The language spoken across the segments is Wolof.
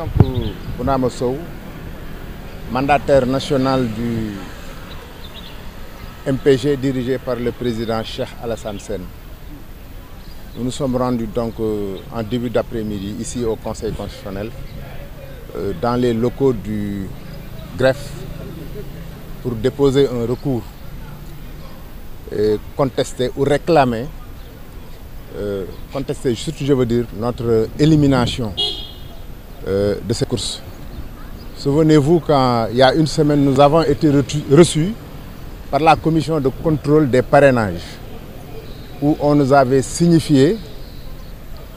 donc Bounama Sow mandataire national du MPG dirigé par le président Cheikh Alassane Sen. Nous nous sommes rendus donc euh, en début d'après-midi ici au Conseil constitutionnel euh, dans les locaux du greffe pour déposer un recours et contester ou réclamer euh, contester surtout je veux dire notre élimination Euh, de ces courses. Souvenez-vous quand il y une semaine, nous avons été reçus par la commission de contrôle des parrainages, ou on nous avait signifié,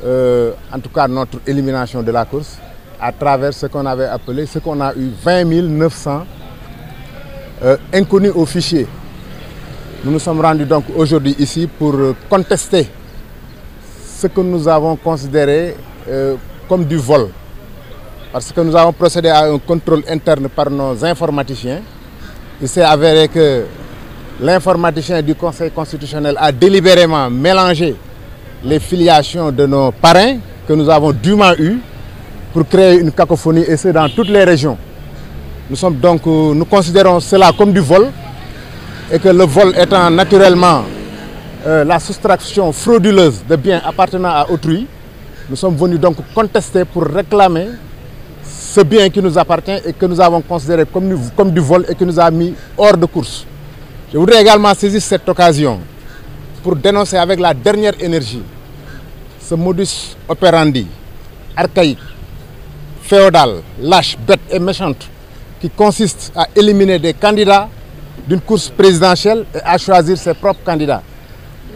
euh, en tout cas notre élimination de la course, à travers ce qu'on avait appelé, ce qu'on a eu 20 900 euh, au fichier. Nous nous sommes rendus donc aujourd'hui ici pour euh, contester ce que nous avons considéré euh, comme du vol. parce que nous avons procédé à un contrôle interne par nos informaticiens. Il s'est avéré que l'informaticien du Conseil constitutionnel a délibérément mélangé les filiations de nos parrains que nous avons dûment eues pour créer une cacophonie et ce dans toutes les régions. Nous donc, euh, nous considérons cela comme du vol et que le vol étant naturellement euh, la soustraction frauduleuse de bien appartenant à autrui, nous sommes venus donc contester pour réclamer ce bien qui nous appartient et que nous avons considéré comme, comme du vol et qui nous a mis hors de course. Je voudrais également saisir cette occasion pour dénoncer avec la dernière énergie ce modus operandi archaïque, féodal, lâche, bête et méchante qui consiste à éliminer des candidats d'une course présidentielle et à choisir ses propres candidats.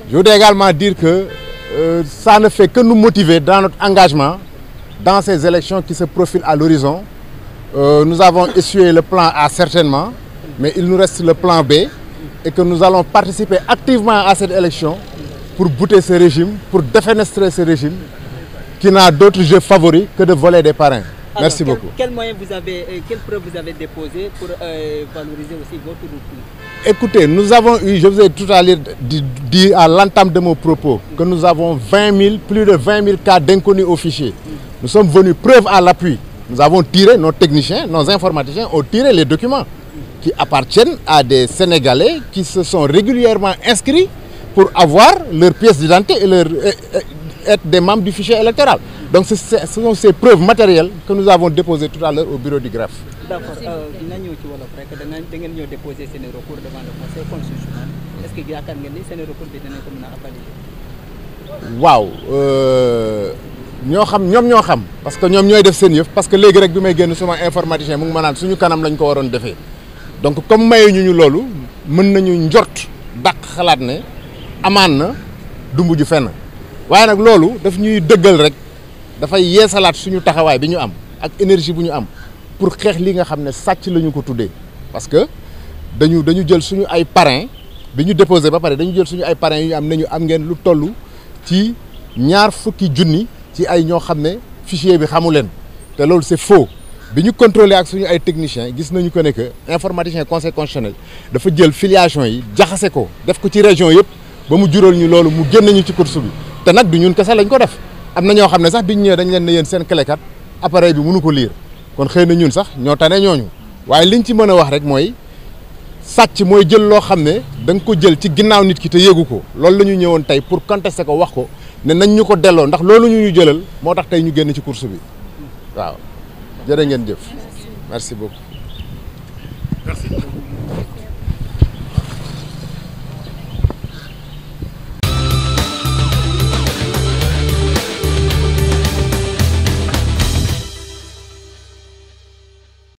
Je voudrais également dire que euh, ça ne fait que nous motiver dans notre engagement dans ces élections qui se profilent à l'horizon, euh, nous avons essuyé le plan A certainement, mais il nous reste le plan B et que nous allons participer activement à cette élection pour bouter ce régime, pour défenestrer ce régime qui n'a d'autre jeu favori que de voler des parrains. Alors, Merci quel, beaucoup. Quels moyens vous avez, euh, quelles preuves vous avez déposées pour euh, valoriser aussi votre recours Écoutez, nous avons eu, je vous ai tout à l'heure dit, dit, de mon propos, que nous avons plus de 20 cas d'inconnus au fichier. Nous sommes venus preuve à l'appui. Nous avons tiré, nos techniciens, nos informaticiens ont tiré les documents qui appartiennent à des Sénégalais qui se sont régulièrement inscrits pour avoir leur pièce d'identité et leur, euh, euh, être des membres du fichier électoral. Donc ce sont ces preuves matérielles que nous avons déposées tout à l'heure au bureau du greffe. D'accord. Euh, ci wolof rek da ngeen ñëw déposer seen recours devant le conseil constitutionnel est-ce que waaw ñoo xam ñoom ñoo xam parce que ñoom ñooy def seen yëf parce que léegi rek bi may génn suma informaticien mu ngi ma naan suñu kanam lañ ko waroon defee donc comme mayu ñu ñu loolu mën nañu njort dàq xalaat ne amaan na du mujj fenn waaye nag loolu daf ñuy dëggal rek dafay yeesalaat suñu taxawaay bi ñu am ak énergie bu ñu am pour xeex li nga xam ne sàcc lañu ko tuddee parce que dañu dañu jël suñu ay parrain bi ñu déposé ba pare dañu jël suñu ay parrain yu ñu nañu am ngeen lu toll ci ñaar fukki junni ci ay ñoo xam ne fichier bi xamu leen te loolu c'est faux bi ñu contrôler ak suñu ay techniciens gis nañu ko ne que informaticien conseil constitutionnel dafa jël filiation yi jaxase ko def ko ci région yëpp ba mu jural ñu loolu mu génn ñu ci course bi te nag du ñun kese lañ ko def am na ñoo xam ne sax biñ ñëwee dañ leen ne yéen seen clékat appareil bi munu ko lire kon xëy na ñun sax ñoo tane ñooñu waaye li ñu ci mën a wax rek mooy. sàcc mooy jël loo xam ne da nga ko jël ci ginnaaw nit ki te yéegu ko loolu la ñu ñëwoon tey pour contester ko wax ko ne nañ ñu ko delloo ndax loolu ñu ñu jëlal moo tax tey ñu génn ci course bi waaw jërë ngeen jëf merci beaucoup